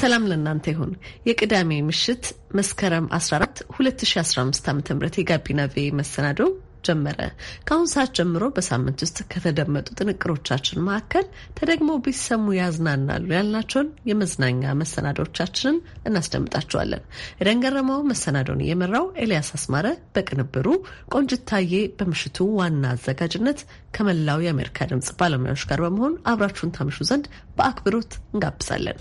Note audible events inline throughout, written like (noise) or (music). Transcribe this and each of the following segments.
ሰላም ለእናንተ ይሁን። የቅዳሜ ምሽት መስከረም 14 2015 ዓ ም የጋቢና ቪ መሰናዶ ጀመረ። ከአሁን ሰዓት ጀምሮ በሳምንት ውስጥ ከተደመጡ ጥንቅሮቻችን መካከል ተደግሞ ቢሰሙ ያዝናናሉ ያልናቸውን የመዝናኛ መሰናዶቻችንን እናስደምጣችኋለን። የደንገረመው መሰናዶን የመራው ኤልያስ አስማረ በቅንብሩ ቆንጅታዬ በምሽቱ ዋና አዘጋጅነት ከመላው የአሜሪካ ድምፅ ባለሙያዎች ጋር በመሆን አብራችሁን ታምሹ ዘንድ በአክብሮት እንጋብዛለን።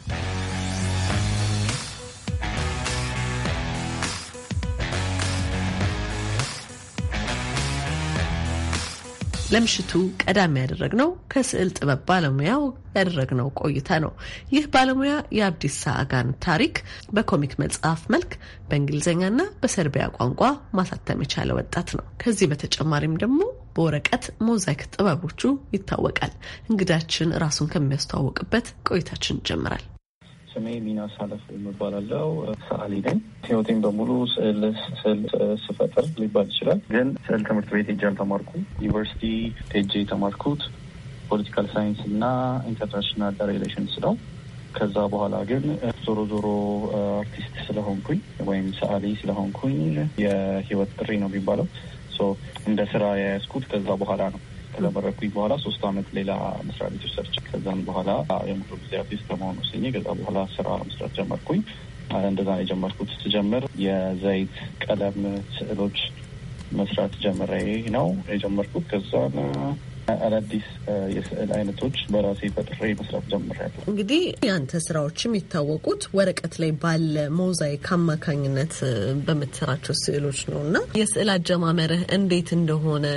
ለምሽቱ ቀዳሚ ያደረግነው ከስዕል ጥበብ ባለሙያው ያደረግነው ቆይታ ነው። ይህ ባለሙያ የአብዲሳ አጋን ታሪክ በኮሚክ መጽሐፍ መልክ በእንግሊዝኛና በሰርቢያ ቋንቋ ማሳተም የቻለ ወጣት ነው። ከዚህ በተጨማሪም ደግሞ በወረቀት ሞዛይክ ጥበቦቹ ይታወቃል። እንግዳችን ራሱን ከሚያስተዋወቅበት ቆይታችን ይጀምራል። ስሜ ሚናስ አለፍ የምባላለው ሰዓሊ ነኝ። ህይወቴን በሙሉ ስዕል ስዕል ስፈጥር ሊባል ይችላል። ግን ስዕል ትምህርት ቤት ሄጄ አልተማርኩም። ዩኒቨርሲቲ ሄጄ የተማርኩት ፖለቲካል ሳይንስ እና ኢንተርናሽናል ሪሌሽንስ ነው። ከዛ በኋላ ግን ዞሮ ዞሮ አርቲስት ስለሆንኩኝ ወይም ሰዓሊ ስለሆንኩኝ የህይወት ጥሪ ነው የሚባለው እንደ ስራ የያዝኩት ከዛ በኋላ ነው። ከተመረኩኝ በኋላ ሶስት አመት ሌላ መስሪያ ቤቶች ሰርች ከዛም በኋላ የሙሉ ጊዜ አርቲስት ከመሆኑ ስኜ ከዛ በኋላ ስራ መስራት ጀመርኩኝ። እንደዛ ነው የጀመርኩት። ስጀምር የዘይት ቀለም ስዕሎች መስራት ጀምሬ ነው የጀመርኩት። ከዛ አዳዲስ የስዕል አይነቶች በራሴ በጥሬ መስራት ጀምሬያለሁ። እንግዲህ ያንተ ስራዎች የሚታወቁት ወረቀት ላይ ባለ ሞዛይክ አማካኝነት በምትሰራቸው ስዕሎች ነው እና የስዕል አጀማመርህ እንዴት እንደሆነ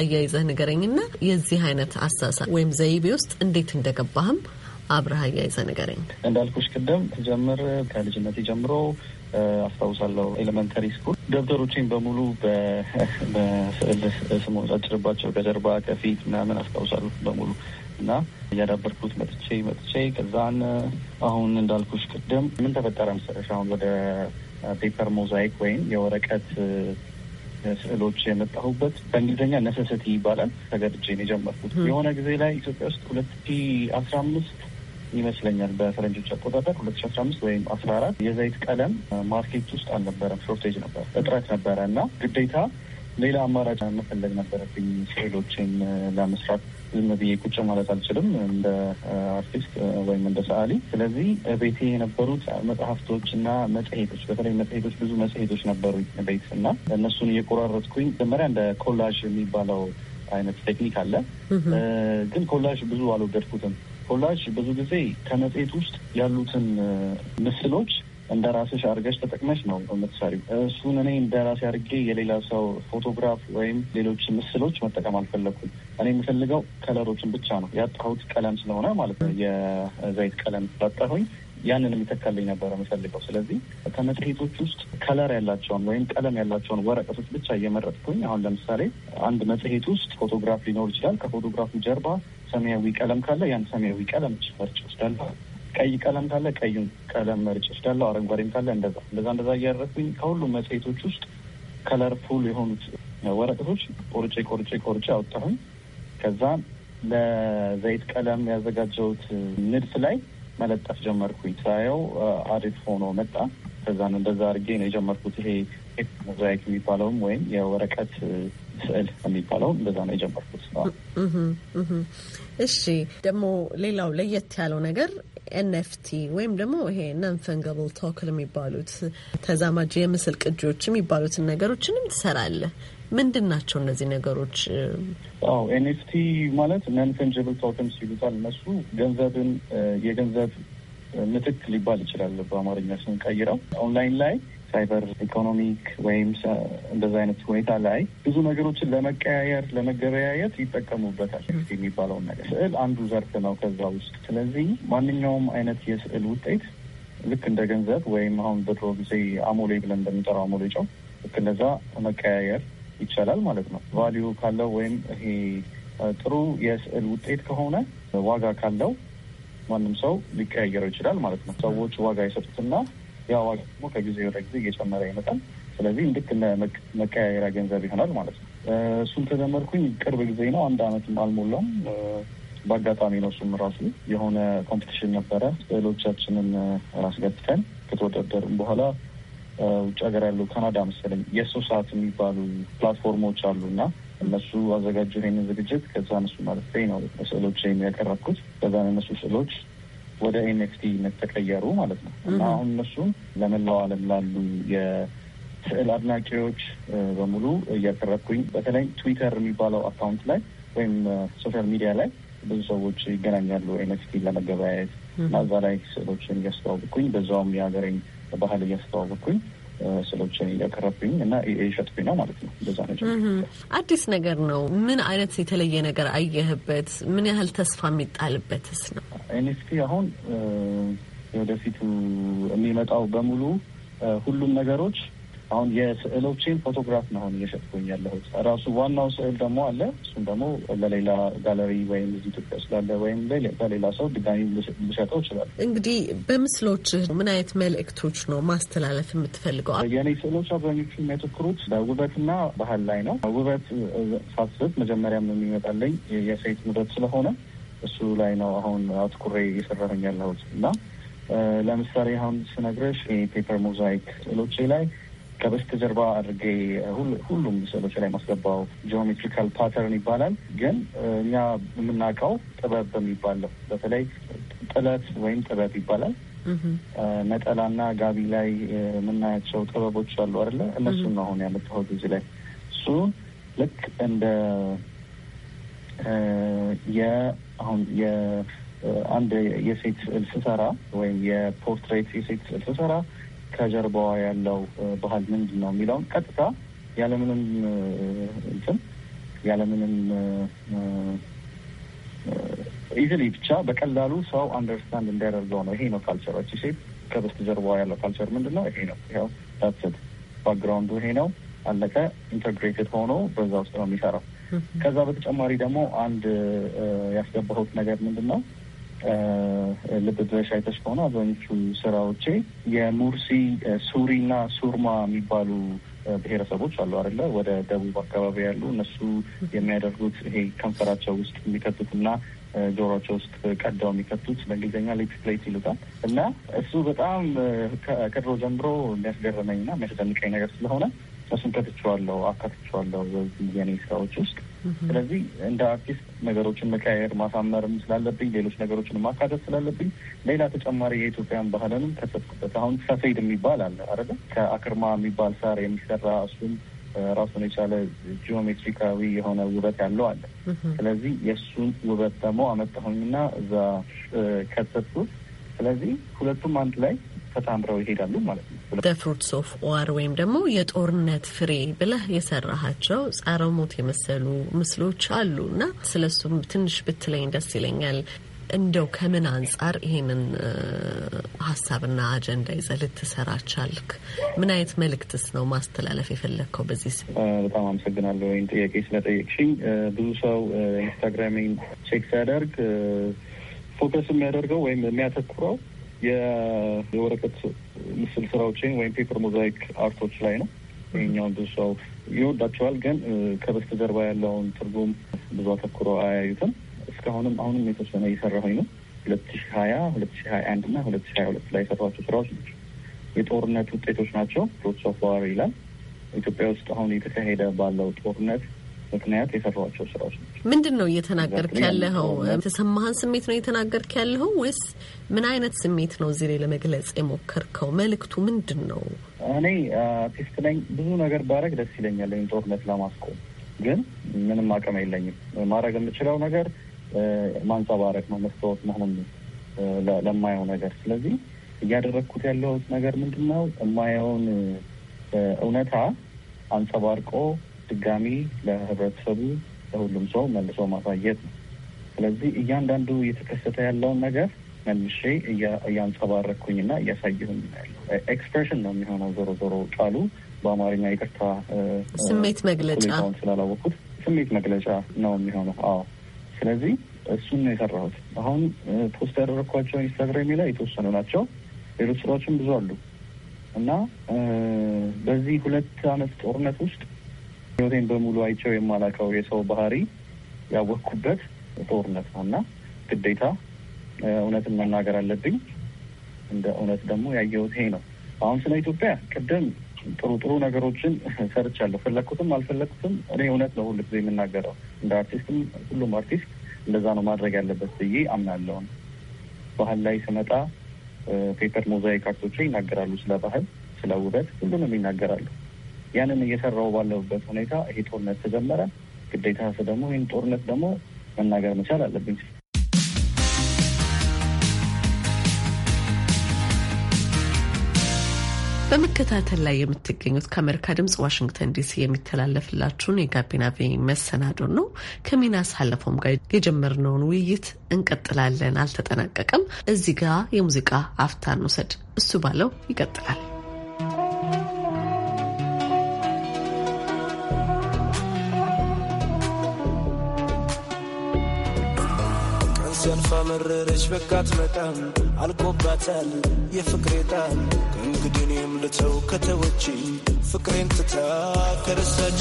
አያይዘህ ንገረኝና የዚህ አይነት አሳሳል ወይም ዘይቤ ውስጥ እንዴት እንደገባህም አብረሃ አያይዘ ንገረኝ። እንዳልኩሽ ቅደም ስጀምር ከልጅነት ጀምሮ አስታውሳለሁ። ኤሌመንተሪ ስኩል ደብተሮችን በሙሉ (laughs) በስዕል ስሙ ጫጭርባቸው ከጀርባ ከፊት ምናምን አስታውሳለሁ በሙሉ እና እያዳበርኩት መጥቼ መጥቼ ከዛን አሁን እንዳልኩሽ ቅድም ምን ተፈጠረ መሰለሽ አሁን ወደ ፔፐር ሞዛይክ ወይም የወረቀት ስዕሎች የመጣሁበት በእንግሊዝኛ ነሰሰቲ ይባላል። ተገድጄ የጀመርኩት የሆነ ጊዜ ላይ ኢትዮጵያ ውስጥ ሁለት አስራ አምስት ይመስለኛል በፈረንጆች አቆጣጠር ሁለት ሺ አስራ አምስት ወይም አስራ አራት የዘይት ቀለም ማርኬት ውስጥ አልነበረም። ሾርቴጅ ነበር፣ እጥረት ነበረ እና ግዴታ ሌላ አማራጭ መፈለግ ነበረብኝ። ስዕሎችን ለመስራት ዝም ብዬ ቁጭ ማለት አልችልም እንደ አርቲስት ወይም እንደ ሰዓሊ። ስለዚህ ቤቴ የነበሩት መጽሐፍቶች እና መጽሄቶች፣ በተለይ መጽሄቶች፣ ብዙ መጽሄቶች ነበሩ ቤት እና እነሱን እየቆራረጥኩኝ መጀመሪያ እንደ ኮላዥ የሚባለው አይነት ቴክኒክ አለ። ግን ኮላዥ ብዙ አልወደድኩትም። ኮላጅ ብዙ ጊዜ ከመጽሔት ውስጥ ያሉትን ምስሎች እንደ ራስሽ አድርገሽ ተጠቅመሽ ነው የምትሰሪው። እሱን እኔ እንደ ራሴ አድርጌ የሌላ ሰው ፎቶግራፍ ወይም ሌሎች ምስሎች መጠቀም አልፈለግኩም። እኔ የምፈልገው ከለሮችን ብቻ ነው ያጣሁት ቀለም ስለሆነ ማለት ነው የዘይት ቀለም ስላጣሁኝ ያንን የሚተካልኝ ነበረ የምፈልገው። ስለዚህ ከመጽሔቶች ውስጥ ከለር ያላቸውን ወይም ቀለም ያላቸውን ወረቀቶች ብቻ እየመረጥኩኝ አሁን ለምሳሌ አንድ መጽሔት ውስጥ ፎቶግራፍ ሊኖር ይችላል። ከፎቶግራፉ ጀርባ ሰማያዊ ቀለም ካለ ያን ሰማያዊ ቀለም መርጭ ወስዳለሁ። ቀይ ቀለም ካለ ቀዩን ቀለም መርጭ ወስዳለሁ። አረንጓዴም ካለ እንደዛ እንደዛ እንደዛ እያደረኩኝ ከሁሉም መጽሔቶች ውስጥ ከለርፉል የሆኑት ወረቀቶች ቆርጬ ቆርጬ ቆርጬ አወጣሁኝ። ከዛ ለዘይት ቀለም ያዘጋጀሁት ንድፍ ላይ መለጠፍ ጀመርኩኝ። ሳየው አሪፍ ሆኖ መጣ። ከዛን እንደዛ አድርጌ ነው የጀመርኩት። ይሄ ሞዛይክ የሚባለውም ወይም የወረቀት ስዕል የሚባለው እንደዛ ነው የጀመርኩት። እሺ ደግሞ ሌላው ለየት ያለው ነገር ኤንኤፍቲ ወይም ደግሞ ይሄ ነንፈንገብል ቶክል የሚባሉት ተዛማጅ የምስል ቅጂዎች የሚባሉትን ነገሮችንም ትሰራለህ። ምንድን ናቸው እነዚህ ነገሮች? አዎ ኤንኤፍቲ ማለት ነንፈንጀብል ቶክንስ ይሉታል እነሱ። ገንዘብን የገንዘብ ምትክ ሊባል ይችላል በአማርኛ ስንቀይረው ኦንላይን ላይ ሳይበር ኢኮኖሚክ ወይም እንደዚ አይነት ሁኔታ ላይ ብዙ ነገሮችን ለመቀያየር ለመገበያየት ይጠቀሙበታል። የሚባለውን ነገር ስዕል አንዱ ዘርፍ ነው ከዛ ውስጥ። ስለዚህ ማንኛውም አይነት የስዕል ውጤት ልክ እንደ ገንዘብ ወይም አሁን በድሮ ጊዜ አሞሌ ብለን እንደምንጠራው አሞሌ ጨው ልክ እንደዛ መቀያየር ይቻላል ማለት ነው። ቫሊዩ ካለው ወይም ይሄ ጥሩ የስዕል ውጤት ከሆነ ዋጋ ካለው ማንም ሰው ሊቀያየረው ይችላል ማለት ነው። ሰዎች ዋጋ የሰጡትና ያ ዋጋ ደግሞ ከጊዜ ወደ ጊዜ እየጨመረ ይመጣል። ስለዚህ ልክ እንደ መቀያየሪያ ገንዘብ ይሆናል ማለት ነው። እሱን ተጀመርኩኝ ቅርብ ጊዜ ነው፣ አንድ አመትም አልሞላም። በአጋጣሚ ነው። እሱም ራሱ የሆነ ኮምፒቲሽን ነበረ። ስዕሎቻችንን አስገብተን ከተወዳደርም በኋላ ውጭ ሀገር ያሉ ካናዳ መሰለኝ የሰው ሰዓት የሚባሉ ፕላትፎርሞች አሉ እና እነሱ አዘጋጁ ይህንን ዝግጅት። ከዛ እነሱ ማለት ነው ስዕሎች ያቀረብኩት። ከዛ እነሱ ስዕሎች ወደ ኤንኤፍቲ መተቀየሩ ማለት ነው እና አሁን እነሱም ለመላው ዓለም ላሉ የስዕል አድናቂዎች በሙሉ እያቀረብኩኝ በተለይ ትዊተር የሚባለው አካውንት ላይ ወይም ሶሻል ሚዲያ ላይ ብዙ ሰዎች ይገናኛሉ ኤንኤፍቲ ለመገበያየት እና እዛ ላይ ስዕሎችን እያስተዋወቅኩኝ በዛውም የሀገሬን ባህል እያስተዋወቅኩኝ ስሎችን እያቀረብኝ እና እየሸጥኩኝ ነው ማለት ነው። እንደዛ ነው። አዲስ ነገር ነው። ምን አይነት የተለየ ነገር አየህበት? ምን ያህል ተስፋ የሚጣልበትስ ነው? ኤንኤፍቲ አሁን ወደፊቱ የሚመጣው በሙሉ ሁሉም ነገሮች አሁን የስዕሎችን ፎቶግራፍ ነው አሁን እየሸጥኩኝ ያለሁት። ራሱ ዋናው ስዕል ደግሞ አለ። እሱም ደግሞ ለሌላ ጋለሪ ወይም እዚህ ኢትዮጵያ ስላለ ወይም ለሌላ ሰው ድጋሚ ልሸጠው ይችላል። እንግዲህ በምስሎች ምን አይነት መልእክቶች ነው ማስተላለፍ የምትፈልገው? የኔ ስዕሎች አብዛኞቹ የሚያተኩሩት በውበትና ባህል ላይ ነው። ውበት ሳስብ መጀመሪያም የሚመጣለኝ የሴት ውበት ስለሆነ እሱ ላይ ነው አሁን አትኩሬ እየሰራሁኝ ያለሁት እና ለምሳሌ አሁን ስነግረሽ ፔፐር ሞዛይክ ስዕሎቼ ላይ ከበስተጀርባ አድርጌ ሁሉም ስዕሎች ላይ ማስገባው ጂኦሜትሪካል ፓተርን ይባላል። ግን እኛ የምናውቀው ጥበብ በሚባለው በተለይ ጥለት ወይም ጥበብ ይባላል። ነጠላና ጋቢ ላይ የምናያቸው ጥበቦች አሉ አይደለ? እነሱን ነው አሁን ያመጣሁት እዚህ ላይ። እሱ ልክ እንደ የአሁን የአንድ የሴት ስዕል ስሰራ ወይም የፖርትሬት የሴት ስዕል ስሰራ ከጀርባዋ ያለው ባህል ምንድን ነው የሚለውን ቀጥታ ያለምንም እንትን ያለምንም ኢዝሊ ብቻ በቀላሉ ሰው አንደርስታንድ እንዳያደርገው ነው። ይሄ ነው ካልቸሮች ሴት ከበስተ ጀርባዋ ያለው ካልቸር ምንድን ነው? ይሄ ነው። ይኸው ዳትስት ባክግራውንዱ ይሄ ነው። አለቀ። ኢንተግሬትድ ሆኖ በዛ ውስጥ ነው የሚሰራው። ከዛ በተጨማሪ ደግሞ አንድ ያስገባሁት ነገር ምንድን ነው ልብ ድረሽ አይተሽ ከሆነ አብዛኞቹ ስራዎቼ የሙርሲ ሱሪና ሱርማ የሚባሉ ብሔረሰቦች አሉ አይደለ? ወደ ደቡብ አካባቢ ያሉ እነሱ የሚያደርጉት ይሄ ከንፈራቸው ውስጥ የሚከቱት እና ጆሮቸው ውስጥ ቀዳው የሚከቱት በእንግሊዝኛ ሊፕ ፕሌት ይሉታል። እና እሱ በጣም ከድሮ ጀምሮ የሚያስገርመኝ እና የሚያስደንቀኝ ነገር ስለሆነ እሱን ከትቼዋለሁ፣ አካትቼዋለሁ በዚህ የኔ ስራዎች ውስጥ ስለዚህ እንደ አርቲስት ነገሮችን መቀያየር ማሳመርም ስላለብኝ ሌሎች ነገሮችን ማካተት ስላለብኝ ሌላ ተጨማሪ የኢትዮጵያን ባህልንም ተጠቅበት አሁን ሰፌድ የሚባል አለ አረገ ከአክርማ የሚባል ሳር የሚሰራ እሱም ራሱን የቻለ ጂኦሜትሪካዊ የሆነ ውበት ያለው አለ። ስለዚህ የእሱን ውበት ደግሞ አመጣሁኝና እዛ ከተጥኩት። ስለዚህ ሁለቱም አንድ ላይ ተጣምረው ይሄዳሉ ማለት ነው። ፍሩትስ ኦፍ ዋር ወይም ደግሞ የጦርነት ፍሬ ብለህ የሰራሃቸው ጸረ ሞት የመሰሉ ምስሎች አሉ እና ስለሱም ትንሽ ብትለኝ ደስ ይለኛል። እንደው ከምን አንጻር ይሄንን ሀሳብና አጀንዳ ይዘህ ልትሰራ ቻልክ? ምን አይነት መልእክትስ ነው ማስተላለፍ የፈለግከው በዚህ ስ በጣም አመሰግናለሁ ወይም ጥያቄ ስለጠየቅሽኝ። ብዙ ሰው ኢንስታግራሚን ቼክ ሲያደርግ ፎከስ የሚያደርገው ወይም የሚያተኩረው የወረቀት ምስል ስራዎችን ወይም ፔፐር ሞዛይክ አርቶች ላይ ነው። ይኛውን ብዙ ሰው ይወዳቸዋል፣ ግን ከበስተጀርባ ያለውን ትርጉም ብዙ አተኩሮ አያዩትም። እስካሁንም አሁንም የተወሰነ እየሰራሁኝ ነው። ሁለት ሺ ሀያ ሁለት ሺ ሀያ አንድ እና ሁለት ሺ ሀያ ሁለት ላይ የሰሯቸው ስራዎች ናቸው። የጦርነት ውጤቶች ናቸው። ሮድስ ኦፍ ዋር ይላል። ኢትዮጵያ ውስጥ አሁን የተካሄደ ባለው ጦርነት ምክንያት የሰሯቸው ስራዎች ናቸው። ምንድን ነው እየተናገርክ ያለኸው? የተሰማህን ስሜት ነው እየተናገርክ ያለኸው ወይስ ምን አይነት ስሜት ነው እዚህ ላይ ለመግለጽ የሞከርከው? መልእክቱ ምንድን ነው? እኔ አርቲስት ነኝ። ብዙ ነገር ባረግ ደስ ይለኛል፣ ወይም ጦርነት ለማስቆም ግን ምንም አቅም የለኝም። ማድረግ የምችለው ነገር ማንጸባረቅ ነው፣ መስታወት መሆን ለማየው ነገር። ስለዚህ እያደረግኩት ያለሁት ነገር ምንድን ነው? የማየውን እውነታ አንጸባርቆ ድጋሚ ለህብረተሰቡ ለሁሉም ሰው መልሶ ማሳየት ነው። ስለዚህ እያንዳንዱ እየተከሰተ ያለውን ነገር መልሼ እያንጸባረኩኝና እያሳየሁኝ ያለው ኤክስፕሬሽን ነው የሚሆነው። ዞሮ ዞሮ ቃሉ በአማርኛ ይቅርታ፣ ስሜት መግለጫ ስላላወቅኩት ስሜት መግለጫ ነው የሚሆነው። አዎ። ስለዚህ እሱን ነው የሰራሁት። አሁን ፖስት ያደረግኳቸው ኢንስታግራም ላይ የተወሰኑ ናቸው። ሌሎች ስራዎችም ብዙ አሉ እና በዚህ ሁለት አመት ጦርነት ውስጥ ህይወቴን በሙሉ አይቸው የማላውቀው የሰው ባህሪ ያወቅኩበት ጦርነት ነው እና ግዴታ እውነትን መናገር አለብኝ። እንደ እውነት ደግሞ ያየሁት ይሄ ነው። አሁን ስለ ኢትዮጵያ ቅድም ጥሩ ጥሩ ነገሮችን (laughs) ሰርቻለሁ። ፈለግኩትም አልፈለግኩትም እኔ እውነት ነው ሁሉ የምናገረው። እንደ አርቲስትም ሁሉም አርቲስት እንደዛ ነው ማድረግ ያለበት ብዬ አምናለውን። ባህል ላይ ስመጣ ፔፐር ሞዛይክ አርቶቼ ይናገራሉ። ስለ ባህል፣ ስለ ውበት ሁሉንም ይናገራሉ። ያንን እየሰራው ባለበት ሁኔታ ይሄ ጦርነት ተጀመረ። ግዴታ ደግሞ ይህን ጦርነት ደግሞ መናገር መቻል አለብኝ። በመከታተል ላይ የምትገኙት ከአሜሪካ ድምጽ ዋሽንግተን ዲሲ የሚተላለፍላችሁን የጋቢና ቪ መሰናዶን ነው። ከሚና ሳለፈውም ጋር የጀመርነውን ውይይት እንቀጥላለን፣ አልተጠናቀቀም። እዚህ ጋር የሙዚቃ አፍታን ውሰድ። እሱ ባለው ይቀጥላል። ዘንፋ መረረች በቃት መጣም አልቆባታል የፍቅሬ ጣም ከእንግዲኔም ልተው ከተወች ፍቅሬን ትታ ከረሳች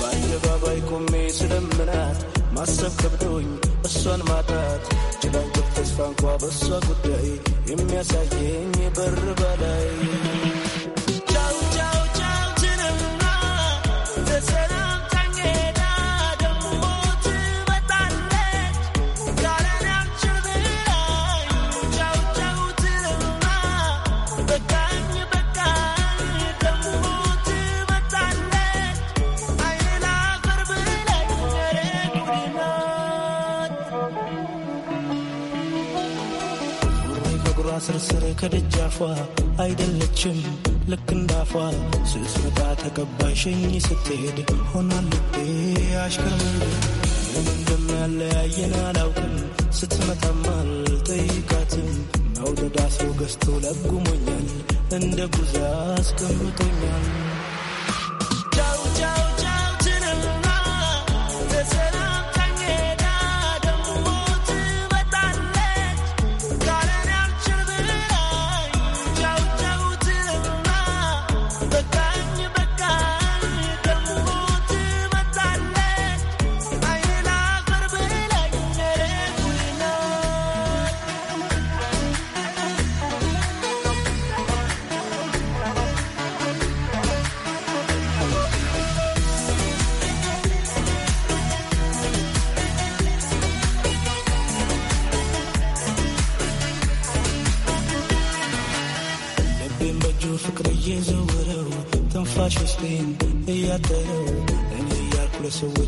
በአደባባይ ቆሜ ስለምናት ማሰብ ከብዶኝ እሷን ማጣት ጭላንጭል ተስፋ እንኳ በእሷ ጉዳይ የሚያሳየኝ በር በላይ ከደጃፏ አይደለችም ልክ እንዳፏ ስትመጣ ተቀባይ ሸኝ ስትሄድ ሆና ልቤ አሽከርም ለምን እንደሚያለያየን አላውቅም። ስትመጣም አልጠይቃትም መውደዳ ሰው ገዝቶ ለጉሞኛል እንደ ጉዛ አስቀምጦኛል።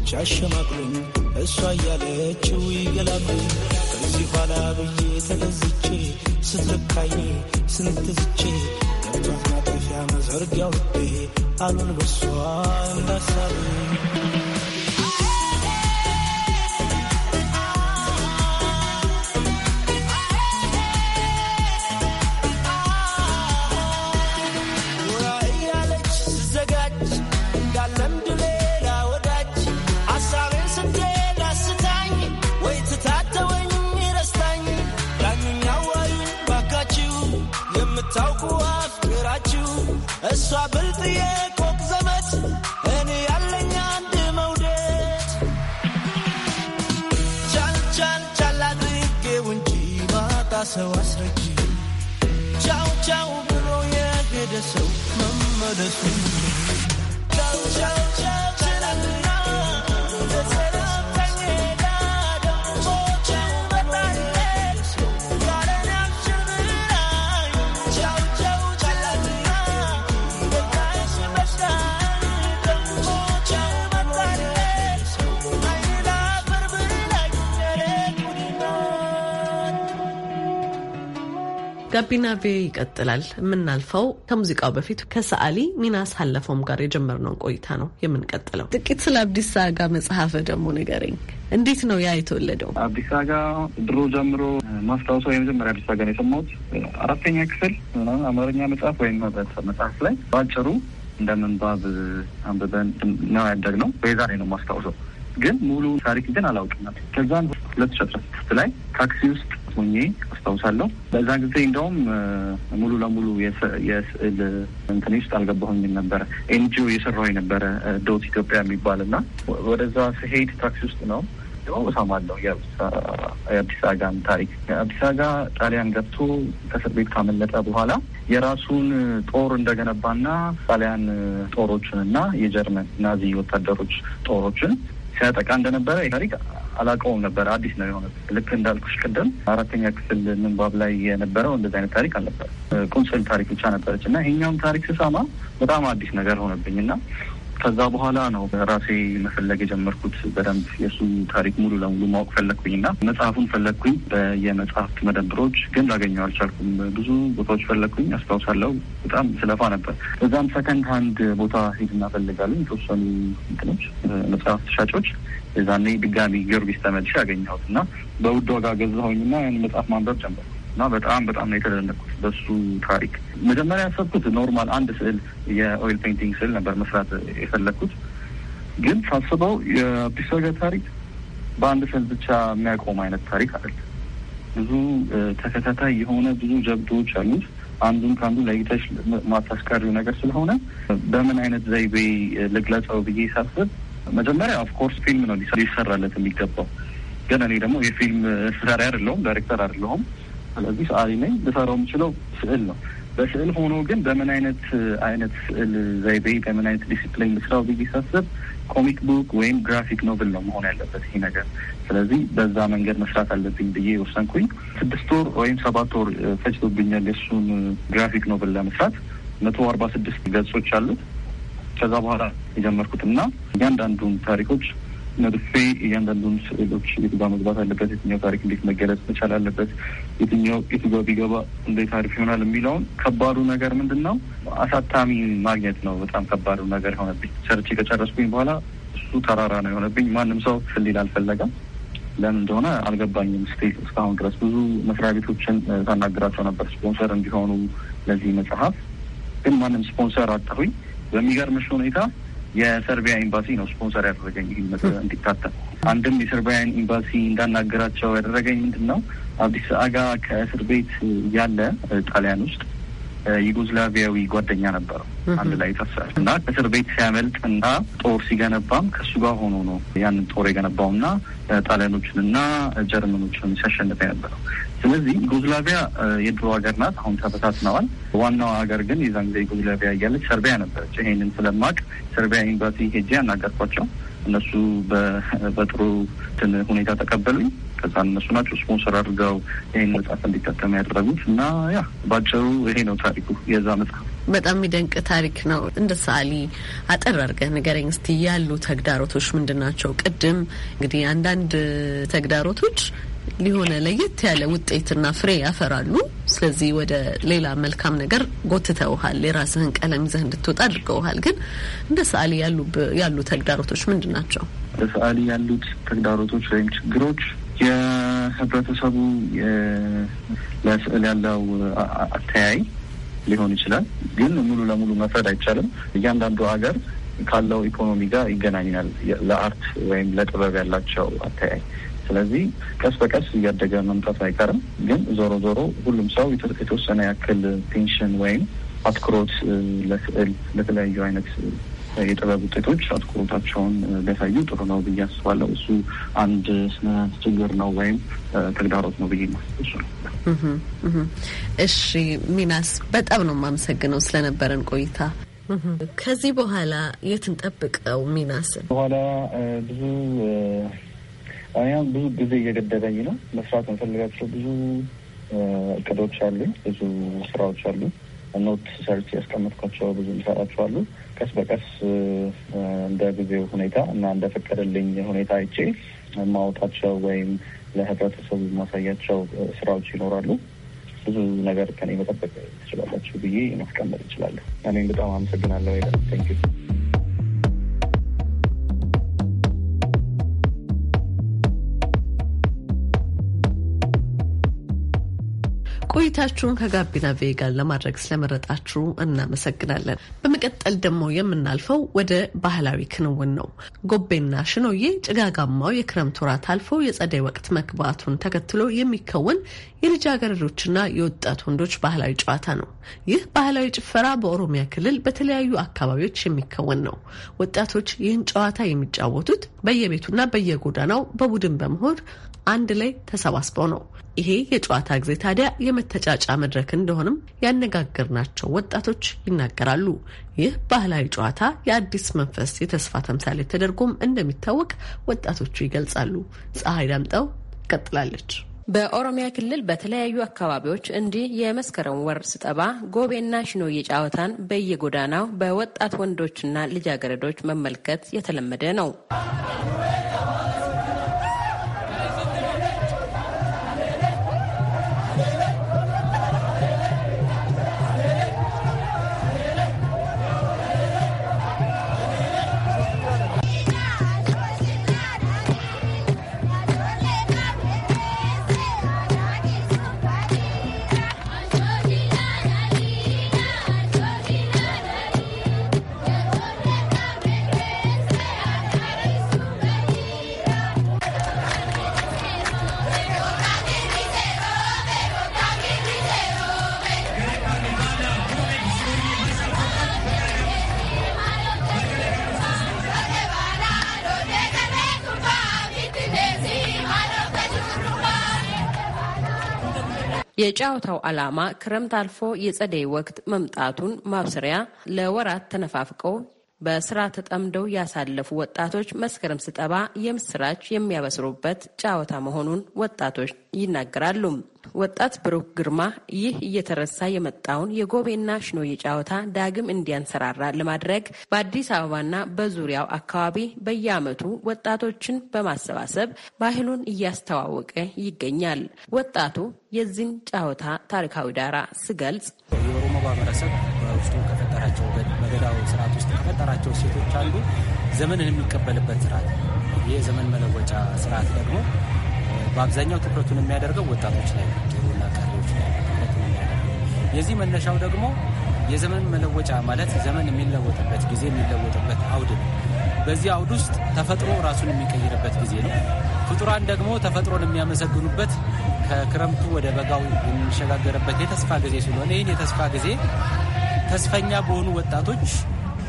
ልጆች አሸማቅሉኝ እሷ እያለችው ይገላብኝ ከዚህ ኋላ ብዬ ተገዝቼ ስትለካኝ ስንትዝቼ ገብቷ ማጠፊያ መዘርጊያው ልቤ አሉን በሷ እንዳሳብኝ ታውቁ አፍቅራችሁ እሷ ብልጥ የኮክ ዘመድ እኔ ያለኝ አንድ መውደድ ቻን ቻን ቻል አድርጌው እንጂ ማጣ ሰው አስረጂ ቻው ቻው ብሎ የሄደ ሰው መመለሱ ጋቢና ቪ ይቀጥላል። የምናልፈው ከሙዚቃው በፊት ከሰዓሊ ሚናስ አለፈውም ጋር የጀመርነውን ቆይታ ነው የምንቀጥለው። ጥቂት ስለ አብዲስ አጋ መጽሐፈ ደግሞ ንገረኝ። እንዴት ነው ያ የተወለደው? አብዲሳ አጋ ድሮ ጀምሮ ማስታወሰው የመጀመሪያ አብዲሳ አጋ ነው የሰማሁት። አራተኛ ክፍል አማርኛ መጽሐፍ ወይም መጽሐፍ ላይ በአጭሩ እንደ ምንባብ አንብበን ነው ያደግነው። በዛሬ ነው ማስታውሰው፣ ግን ሙሉ ታሪክ ግን አላውቅም። ከዛን ሁለት ሺህ አስራ ስድስት ላይ ታክሲ ውስጥ ሆኜ አስታውሳለሁ። በዛ ጊዜ እንደውም ሙሉ ለሙሉ የስዕል እንትን ውስጥ አልገባሁኝም ነበረ። ኤንጂኦ የሰራው የነበረ ዶት ኢትዮጵያ የሚባል እና ወደዛ ስሄድ ታክሲ ውስጥ ነው ደግሞ እሰማለሁ የአዲስ አጋን ታሪክ። የአዲስ አጋ ጣሊያን ገብቶ ከእስር ቤት ካመለጠ በኋላ የራሱን ጦር እንደገነባና ጣሊያን ጦሮችን እና የጀርመን ናዚ ወታደሮች ጦሮችን ሲያጠቃ እንደነበረ ታሪክ አላውቀውም ነበር። አዲስ ነው የሆነ ልክ እንዳልኩሽ ቅድም አራተኛ ክፍል ምንባብ ላይ የነበረው እንደዚህ አይነት ታሪክ አልነበረ። ቁንስል ታሪክ ብቻ ነበረች እና ይሄኛውን ታሪክ ስሰማ በጣም አዲስ ነገር ሆነብኝ እና ከዛ በኋላ ነው ራሴ መፈለግ የጀመርኩት። በደንብ የእሱ ታሪክ ሙሉ ለሙሉ ማወቅ ፈለግኩኝና መጽሐፉን ፈለግኩኝ። በየመጽሐፍት መደብሮች ግን ላገኘው አልቻልኩም። ብዙ ቦታዎች ፈለግኩኝ፣ አስታውሳለሁ። በጣም ስለፋ ነበር። እዛም ሰከንድ ሀንድ ቦታ ሂድ እናፈልጋለን የተወሰኑ እንትኖች መጽሐፍት ሻጮች። የዛኔ ድጋሚ ጊዮርጊስ ተመልሼ ያገኘሁት እና በውድ ዋጋ ገዛሁኝና ያን መጽሐፍ ማንበብ ጀመርኩ። እና በጣም በጣም ነው የተደነኩት በሱ ታሪክ። መጀመሪያ ያሰብኩት ኖርማል አንድ ስዕል የኦይል ፔንቲንግ ስዕል ነበር መስራት የፈለግኩት፣ ግን ሳስበው የአዲስ ታሪክ በአንድ ስዕል ብቻ የሚያቆም አይነት ታሪክ አይደለም። ብዙ ተከታታይ የሆነ ብዙ ጀብዶዎች አሉት። አንዱን ከአንዱ ለይተሽ ማታስቀሪው ነገር ስለሆነ በምን አይነት ዘይቤ ልግለጸው ብዬ ሳስብ መጀመሪያ ኦፍኮርስ ፊልም ነው ሊሰራለት የሚገባው። ግን እኔ ደግሞ የፊልም ስራሪ አይደለሁም፣ ዳይሬክተር አይደለሁም። ስለዚህ ሰዓሊ ነኝ። ልሰራው የምችለው ስዕል ነው። በስዕል ሆኖ ግን በምን አይነት አይነት ስዕል ዘይቤ በምን አይነት ዲስፕሊን ልስራው ብዬ ሳስብ ኮሚክ ቡክ ወይም ግራፊክ ኖቭል ነው መሆን ያለበት ይሄ ነገር። ስለዚህ በዛ መንገድ መስራት አለብኝ ብዬ ወሰንኩኝ። ስድስት ወር ወይም ሰባት ወር ፈጅቶብኛል የእሱን ግራፊክ ኖቭል ለመስራት። መቶ አርባ ስድስት ገጾች አሉት። ከዛ በኋላ የጀመርኩት እና እያንዳንዱን ታሪኮች ነድፌ እያንዳንዱን ስዕሎች የቱ ጋር መግባት አለበት፣ የትኛው ታሪክ እንዴት መገለጽ መቻል አለበት፣ የትኛው የቱ ጋር ቢገባ እንዴት አሪፍ ይሆናል የሚለውን ከባዱ ነገር ምንድን ነው አሳታሚ ማግኘት ነው። በጣም ከባዱ ነገር የሆነብኝ ሰርቼ ከጨረስኩኝ በኋላ እሱ ተራራ ነው የሆነብኝ። ማንም ሰው ስሊል አልፈለገም። ለምን እንደሆነ አልገባኝም። ስቴት እስካሁን ድረስ ብዙ መስሪያ ቤቶችን ሳናግራቸው ነበር ስፖንሰር እንዲሆኑ ለዚህ መጽሐፍ፣ ግን ማንም ስፖንሰር አጣሁኝ። በሚገርምሽ ሁኔታ የሰርቢያ ኤምባሲ ነው ስፖንሰር ያደረገኝ ይህን መ እንዲታተም። አንድም የሰርቢያን ኤምባሲ እንዳናገራቸው ያደረገኝ ምንድን ነው አዲስ አጋ ከእስር ቤት ያለ ጣሊያን ውስጥ ዩጎዝላቪያዊ ጓደኛ ነበረው። አንድ ላይ ይፈሳል እና እስር ቤት ሲያመልጥ እና ጦር ሲገነባም ከእሱ ጋር ሆኖ ነው ያንን ጦር የገነባው እና ጣሊያኖችን እና ጀርመኖችን ሲያሸንፈ የነበረው። ስለዚህ ዩጎዝላቪያ የድሮ ሀገር ናት። አሁን ተበታትነዋል። ዋናው ሀገር ግን የዛን ጊዜ ዩጎዝላቪያ እያለች ሰርቢያ ነበረች። ይሄንን ስለማቅ ሰርቢያ ኤምባሲ ሄጄ አናገርኳቸው። እነሱ በጥሩ ሁኔታ ተቀበሉኝ። ከዛ እነሱ ናቸው ስፖንሰር አድርገው ይህን መጽሐፍ እንዲታተም ያደረጉት እና ያ ባጭሩ ይሄ ነው ታሪኩ የዛ መጽሐፍ። በጣም የሚደንቅ ታሪክ ነው። እንደ ሰዓሊ አጠር አድርገህ ንገረኝ እስቲ ያሉ ተግዳሮቶች ምንድን ናቸው? ቅድም እንግዲህ አንዳንድ ተግዳሮቶች ሊሆነ ለየት ያለ ውጤትና ፍሬ ያፈራሉ። ስለዚህ ወደ ሌላ መልካም ነገር ጎትተውሃል፣ የራስህን ቀለም ይዘህ እንድትወጣ አድርገውሃል። ግን እንደ ሰዓሊ ያሉ ተግዳሮቶች ምንድን ናቸው? እንደ ሰዓሊ ያሉት ተግዳሮቶች ወይም ችግሮች የህብረተሰቡ ለስዕል ያለው አተያይ ሊሆን ይችላል። ግን ሙሉ ለሙሉ መፍረድ አይቻልም። እያንዳንዱ ሀገር ካለው ኢኮኖሚ ጋር ይገናኛል ለአርት ወይም ለጥበብ ያላቸው አተያይ። ስለዚህ ቀስ በቀስ እያደገ መምጣት አይቀርም። ግን ዞሮ ዞሮ ሁሉም ሰው የተወሰነ ያክል ቴንሽን ወይም አትኩሮት ለስዕል ለተለያዩ አይነት የጥበብ ውጤቶች አትኩሮታቸውን ቢያሳዩ ጥሩ ነው ብዬ አስባለሁ። እሱ አንድ ስነ ችግር ነው ወይም ተግዳሮት ነው ብዬ እሱ ነው። እሺ ሚናስ፣ በጣም ነው የማመሰግነው ስለነበረን ቆይታ። ከዚህ በኋላ የት እንጠብቀው ሚናስን? በኋላ ብዙ ብዙ ጊዜ እየገደበኝ ነው። መስራት የምፈልጋቸው ብዙ እቅዶች አሉኝ፣ ብዙ ስራዎች አሉኝ። ኖት ሰርች ያስቀመጥኳቸው ብዙ ሰራቸው አሉ። ቀስ በቀስ እንደ ጊዜው ሁኔታ እና እንደ ፈቀደልኝ ሁኔታ አይቼ የማወጣቸው ወይም ለህብረተሰቡ የማሳያቸው ስራዎች ይኖራሉ። ብዙ ነገር ከኔ መጠበቅ ትችላላችሁ ብዬ ማስቀመጥ ይችላለሁ። እኔም በጣም አመሰግናለሁ። ይ ቴንክ ቆይታችሁን ከጋቢና ቬ ጋር ለማድረግ ስለመረጣችሁ እናመሰግናለን። በመቀጠል ደግሞ የምናልፈው ወደ ባህላዊ ክንውን ነው። ጎቤና ሽኖዬ ጭጋጋማው የክረምት ወራት አልፎ የጸደይ ወቅት መግባቱን ተከትሎ የሚከወን የልጃገረዶችና የወጣት ወንዶች ባህላዊ ጨዋታ ነው። ይህ ባህላዊ ጭፈራ በኦሮሚያ ክልል በተለያዩ አካባቢዎች የሚከወን ነው። ወጣቶች ይህን ጨዋታ የሚጫወቱት በየቤቱና በየጎዳናው በቡድን በመሆን አንድ ላይ ተሰባስበው ነው። ይሄ የጨዋታ ጊዜ ታዲያ የመተጫጫ መድረክ እንደሆንም ያነጋገርናቸው ወጣቶች ይናገራሉ። ይህ ባህላዊ ጨዋታ የአዲስ መንፈስ የተስፋ ተምሳሌ ተደርጎም እንደሚታወቅ ወጣቶቹ ይገልጻሉ። ፀሐይ ዳምጠው ቀጥላለች። በኦሮሚያ ክልል በተለያዩ አካባቢዎች እንዲህ የመስከረም ወር ስጠባ ጎቤና ሽኖዬ ጨዋታን በየጎዳናው በወጣት ወንዶችና ልጃገረዶች መመልከት የተለመደ ነው። የጨዋታው ዓላማ ክረምት አልፎ የጸደይ ወቅት መምጣቱን ማብሰሪያ ለወራት ተነፋፍቀው በስራ ተጠምደው ያሳለፉ ወጣቶች መስከረም ስጠባ የምስራች የሚያበስሩበት ጨዋታ መሆኑን ወጣቶች ይናገራሉ። ወጣት ብሩክ ግርማ ይህ እየተረሳ የመጣውን የጎቤና ሽኖዬ ጨዋታ ዳግም እንዲያንሰራራ ለማድረግ በአዲስ አበባና በዙሪያው አካባቢ በየዓመቱ ወጣቶችን በማሰባሰብ ባህሉን እያስተዋወቀ ይገኛል። ወጣቱ የዚህን ጨዋታ ታሪካዊ ዳራ ስገልጽ የኦሮሞ ማህበረሰብ ውስጡ ከፈጠራቸው በገዳው ስርዓት ውስጥ ከፈጠራቸው ሴቶች አንዱ ዘመንን የሚቀበልበት ስርዓት ይህ ዘመን መለወጫ ስርዓት ደግሞ በአብዛኛው ትኩረቱን የሚያደርገው ወጣቶች ላይ ጥሩና ቀሪዎች ላይ ትኩረቱን የሚያደርገው የዚህ መነሻው ደግሞ የዘመን መለወጫ ማለት ዘመን የሚለወጥበት ጊዜ የሚለወጥበት አውድ ነው። በዚህ አውድ ውስጥ ተፈጥሮ ራሱን የሚቀይርበት ጊዜ ነው። ፍጡራን ደግሞ ተፈጥሮን የሚያመሰግኑበት ከክረምቱ ወደ በጋው የሚሸጋገርበት የተስፋ ጊዜ ስለሆነ ይህን የተስፋ ጊዜ ተስፈኛ በሆኑ ወጣቶች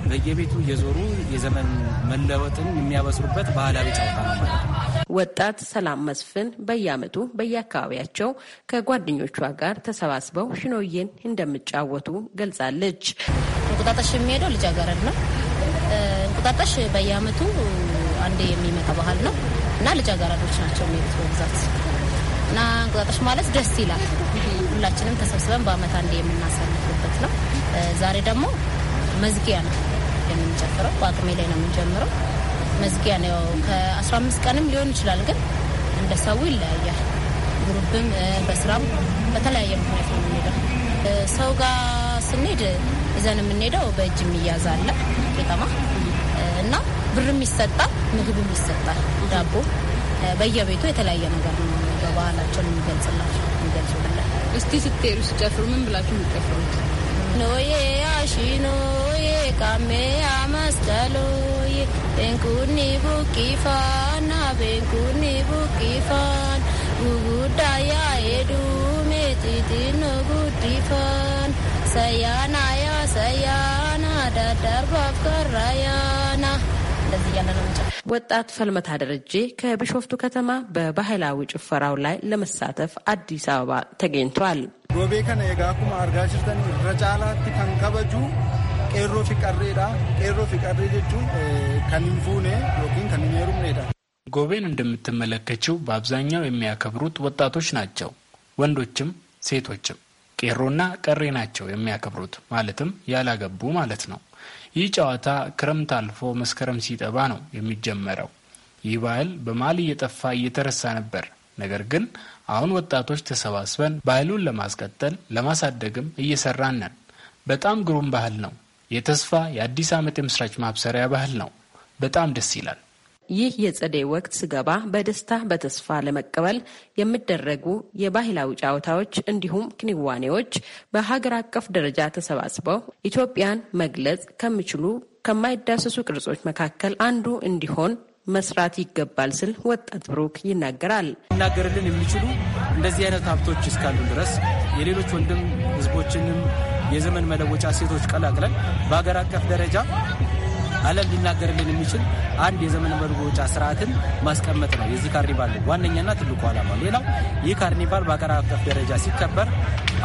በየቤቱ እየዞሩ የዘመን መለወጥን የሚያበስሩበት ባህላዊ ጨዋታ ነው ወጣት ሰላም መስፍን በየዓመቱ በየአካባቢያቸው ከጓደኞቿ ጋር ተሰባስበው ሽኖዬን እንደሚጫወቱ ገልጻለች። እንቁጣጣሽ የሚሄደው ልጃገረድ ነው። እንቁጣጣሽ በየዓመቱ አንዴ የሚመጣ ባህል ነው እና ልጃገረዶች ናቸው የሚሄዱት በብዛት እና እንቁጣጣሽ ማለት ደስ ይላል። ሁላችንም ተሰብስበን በዓመት አንዴ የምናሳልፍበት ነው። ዛሬ ደግሞ መዝጊያ ነው የምንጨፍረው። በአቅሜ ላይ ነው የምንጀምረው። መዝጊያ ነው ያው ከ15 ቀንም ሊሆን ይችላል፣ ግን እንደ ሰው ይለያያል። ግሩፕም በስራም በተለያየ ምክንያት ነው የምንሄደው። ሰው ጋር ስንሄድ ይዘን የምንሄደው በእጅ የሚያዝ አለ ቄጠማ እና ብርም ይሰጣል፣ ምግብም ይሰጣል፣ ዳቦ በየቤቱ የተለያየ ነገር ነው ባህላቸውን የሚገልጽላቸው የሚገልጹልን። እስቲ ስትሄዱ ሲጨፍሩ ምን ብላችሁ የሚጨፍሩት? ኖዬ አሺኖዬ ካሜያ ማስታሎዬ ቤንኩኒ ቡቂፋና ቤንኩኒ ቡቂፋን ጉጉዳያ ኤዱሜ ጢጢኖ ጉዲፋን ሰያናያ ሰያና ዳዳርባፍ ቀራያና እንደዚህ እያለ ነው። ወጣት ፈልመታ ደረጀ ከቢሾፍቱ ከተማ በባህላዊ ጭፈራው ላይ ለመሳተፍ አዲስ አበባ ተገኝቷል። ዶቤ ከነ የጋኩማ አርጋ ሽርተን ረጫላት ከንከበጁ ቄሮ ፊቀሬዳ ቄሮ ፊቀሬ ጀቹን ከንንፉኔ ዮኪን ከንኔሩምኔዳ ጎቤን እንደምትመለከችው በአብዛኛው የሚያከብሩት ወጣቶች ናቸው። ወንዶችም ሴቶችም ቄሮና ቀሬ ናቸው የሚያከብሩት ማለትም ያላገቡ ማለት ነው። ይህ ጨዋታ ክረምት አልፎ መስከረም ሲጠባ ነው የሚጀመረው። ይህ ባህል በመሀል እየጠፋ እየተረሳ ነበር። ነገር ግን አሁን ወጣቶች ተሰባስበን ባህሉን ለማስቀጠል ለማሳደግም እየሰራን ነን። በጣም ግሩም ባህል ነው። የተስፋ የአዲስ ዓመት የምስራች ማብሰሪያ ባህል ነው። በጣም ደስ ይላል። ይህ የጸደይ ወቅት ስገባ በደስታ በተስፋ ለመቀበል የሚደረጉ የባህላዊ ጨዋታዎች እንዲሁም ክንዋኔዎች በሀገር አቀፍ ደረጃ ተሰባስበው ኢትዮጵያን መግለጽ ከሚችሉ ከማይዳሰሱ ቅርጾች መካከል አንዱ እንዲሆን መስራት ይገባል ስል ወጣት ብሩክ ይናገራል። ይናገርልን የሚችሉ እንደዚህ አይነት ሀብቶች እስካሉ ድረስ የሌሎች ወንድም ህዝቦችንም የዘመን መለወጫ ሴቶች ቀላቅለን በሀገር አቀፍ ደረጃ ዓለም ሊናገርልን የሚችል አንድ የዘመን መለወጫ ስርዓትን ማስቀመጥ ነው የዚህ ካርኒቫል ዋነኛና ትልቁ ዓላማ። ሌላው ይህ ካርኒቫል በአገር አቀፍ ደረጃ ሲከበር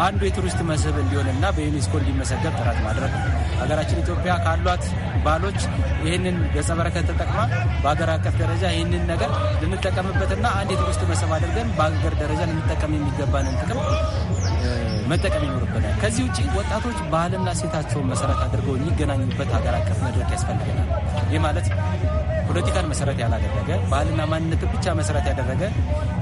አንዱ የቱሪስት መስህብ እንዲሆንና በዩኔስኮ እንዲመሰገብ ጥረት ማድረግ ነው። ሀገራችን ኢትዮጵያ ካሏት ባሎች ይህንን ገጸ በረከት ተጠቅማ በሀገር አቀፍ ደረጃ ይህንን ነገር ልንጠቀምበትና አንድ የቱሪስት መስህብ አድርገን በሀገር ደረጃ ልንጠቀም የሚገባንን ጥቅም መጠቀም ይኖርበታል። ከዚህ ውጭ ወጣቶች ባህልና ሴታቸውን መሰረት አድርገው የሚገናኙበት ሀገር አቀፍ መድረክ ያስፈልገናል። ይህ ማለት ፖለቲካን መሰረት ያላደረገ ባህልና ማንነትን ብቻ መሰረት ያደረገ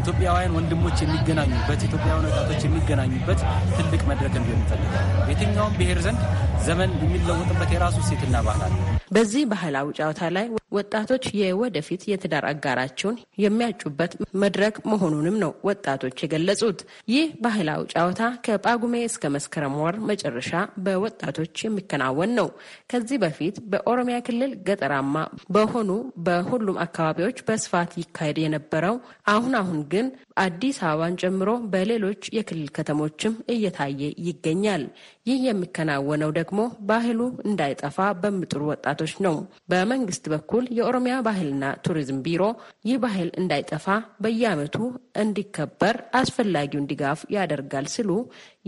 ኢትዮጵያውያን ወንድሞች የሚገናኙበት ኢትዮጵያውያን ወጣቶች የሚገናኙበት ትልቅ መድረክ እንዲሆን ይፈልጋል። የትኛውም ብሔር ዘንድ ዘመን የሚለወጥበት የራሱ ሴትና ባህል አለ። በዚህ ባህላዊ ጨዋታ ላይ ወጣቶች የወደፊት የትዳር አጋራቸውን የሚያጩበት መድረክ መሆኑንም ነው ወጣቶች የገለጹት። ይህ ባህላዊ ጨዋታ ከጳጉሜ እስከ መስከረም ወር መጨረሻ በወጣቶች የሚከናወን ነው። ከዚህ በፊት በኦሮሚያ ክልል ገጠራማ በሆኑ በሁሉም አካባቢዎች በስፋት ይካሄድ የነበረው አሁን አሁን ግን አዲስ አበባን ጨምሮ በሌሎች የክልል ከተሞችም እየታየ ይገኛል። ይህ የሚከናወነው ደግሞ ባህሉ እንዳይጠፋ በሚጥሩ ወጣቶች ነው። በመንግስት በኩል በኩል የኦሮሚያ ባህልና ቱሪዝም ቢሮ ይህ ባህል እንዳይጠፋ በየዓመቱ እንዲከበር አስፈላጊውን ድጋፍ ያደርጋል ሲሉ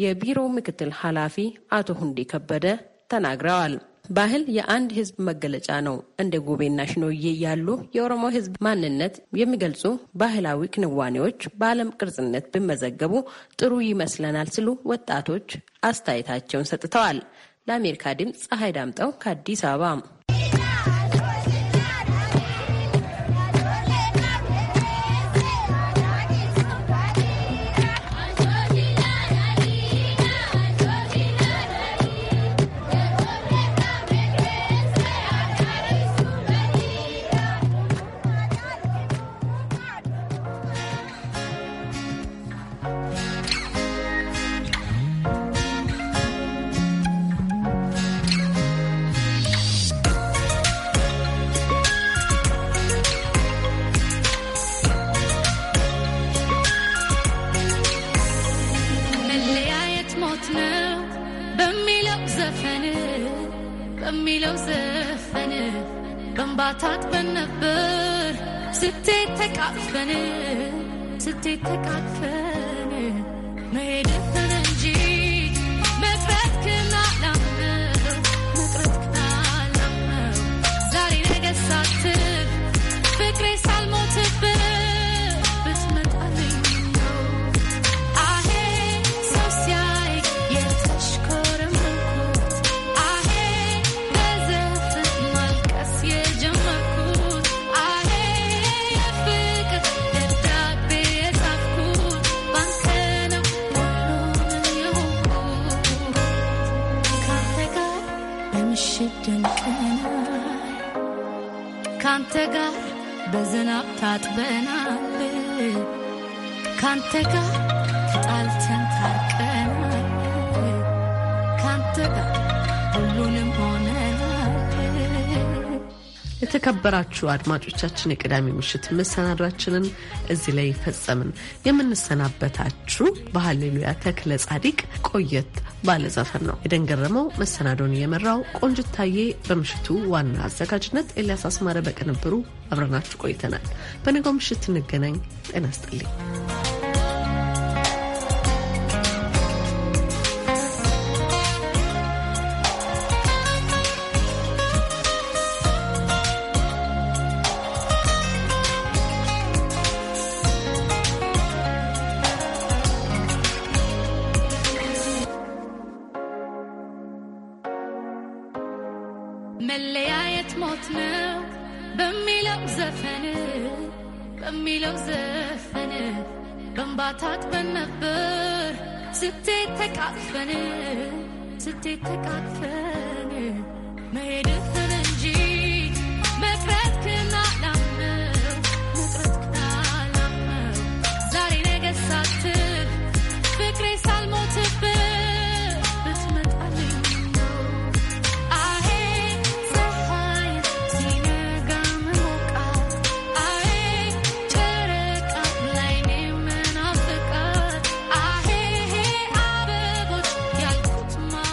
የቢሮው ምክትል ኃላፊ አቶ ሁንዴ ከበደ ተናግረዋል። ባህል የአንድ ሕዝብ መገለጫ ነው። እንደ ጎቤና ሽኖዬ ያሉ የኦሮሞ ሕዝብ ማንነት የሚገልጹ ባህላዊ ክንዋኔዎች በዓለም ቅርጽነት ቢመዘገቡ ጥሩ ይመስለናል ሲሉ ወጣቶች አስተያየታቸውን ሰጥተዋል። ለአሜሪካ ድምፅ ፀሐይ ዳምጠው ከአዲስ አበባ tes cartes. ካንተ ጋር በዝናብ ታጥበናል ካንተ ጋር ተጣልተን ታርቀ የተከበራችሁ አድማጮቻችን የቅዳሜ ምሽት መሰናዷችንን እዚህ ላይ ፈጸምን። የምንሰናበታችሁ በሀሌሉያ ተክለ ጻዲቅ ቆየት ባለ ዘፈን ነው። የደንገረመው መሰናዶን የመራው ቆንጅታዬ፣ በምሽቱ ዋና አዘጋጅነት ኤልያስ አስማረ፣ በቅንብሩ አብረናችሁ ቆይተናል። በነገው ምሽት እንገናኝ። ጤና ይስጥልኝ። tick tock funny, tick tick tock funny, made.